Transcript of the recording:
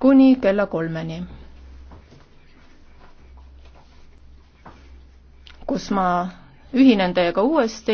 kuni kella kolmeni, kus ma ühinen teiega uuesti